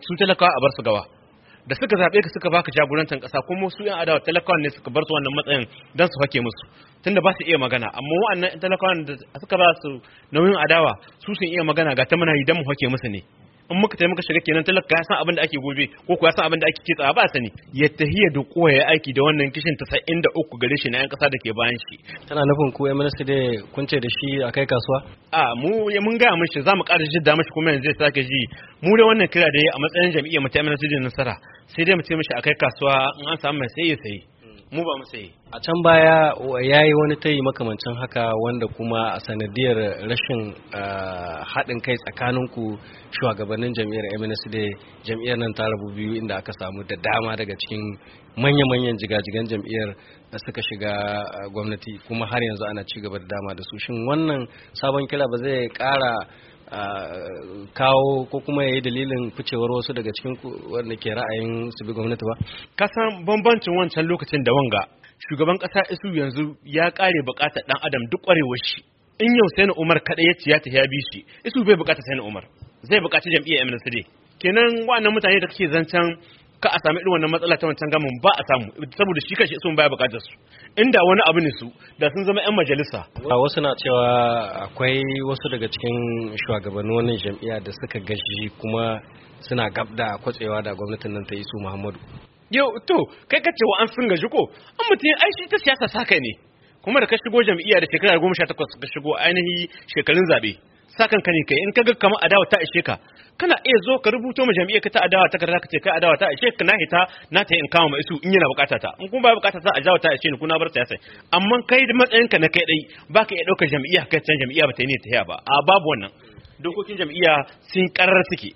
su talakawa a bar su gaba da suka zaɓe ka suka baka jagorantar ƙasa kuma su yan adawa talakawa ne suka bar su wannan matsayin don su hake musu tunda ba su iya magana amma wa'annan talakawa da suka ba su nauyin adawa su sun iya magana ga ta muna yi don mu hake musu ne in muka taimaka shiga kenan talaka ya san abin da ake gobe ko kuwa san abin da ake kitsa ba sani ya tahiya da koya aiki da wannan kishin ta sai da uku gare shi na yan kasa da ke bayan shi tana nufin ku yan minista da kun ce da shi a kai kasuwa a mu mun gaya mishi za mu ƙara jidda mishi kuma yanzu zai sake ji mu da wannan kira da ya a matsayin jami'a mu ta minista da nasara sai dai mu ce mishi a kai kasuwa in an samu mai sai ya sai mu ba mu a can baya ya yi wani tayi makamancin haka wanda kuma a sanadiyar rashin haɗin kai tsakaninku shugabannin jam'iyyar MNSD jam'iyyar nan ta rabu biyu inda aka samu da dama daga cikin manya-manyan jigajigan jam'iyyar da suka shiga gwamnati kuma har yanzu ana ci gaba da dama da su shin wannan sabon kila ba zai kara. kawo ko kuma ya yi dalilin ficewar wasu daga cikin wanda ke ra'ayin su bi gwamnati ba kasan bambancin wancan lokacin da wanga shugaban kasa isu yanzu ya kare bukatar dan adam duk kwarewar shi in yau sai umar kada ya ci ya tafi ya bi shi isu bai bukata sai umar zai bukaci jam'iyyar MNCD kenan wa'annan mutane da kake zancen ka a sami irin wannan matsala ta wancan gamin ba a samu saboda shi kashi sun baya bukatar su inda wani abu ne su da sun zama yan majalisa a wasu na cewa akwai wasu daga cikin shugabannin wani jam'iyya da suka gashi kuma suna gab da kwatsewa da gwamnatin nan ta yi su Muhammadu yau to kai ka cewa an sun gaji ko an mutum ai shi ta siyasa saka ne kuma da ka shigo jam'iyya da shekara 18 ka shigo ainihin shekarun zabe sakan ka ne kai in kaga kamar adawa ta ishe ka kana iya zo ka rubuto ma jami'a ka ta adawa ta kaza ka ce kai adawa ta ishe ka na hita na ta in kama isu in yana bukata ta in kuma ba bukata ta adawa ta ishe ni kuna bar ta sai amma kai da matsayin ka na kai dai baka iya dauka jami'a kai can jami'a ba ta yi ne ta ba a babu wannan dokokin jami'a sun karar suke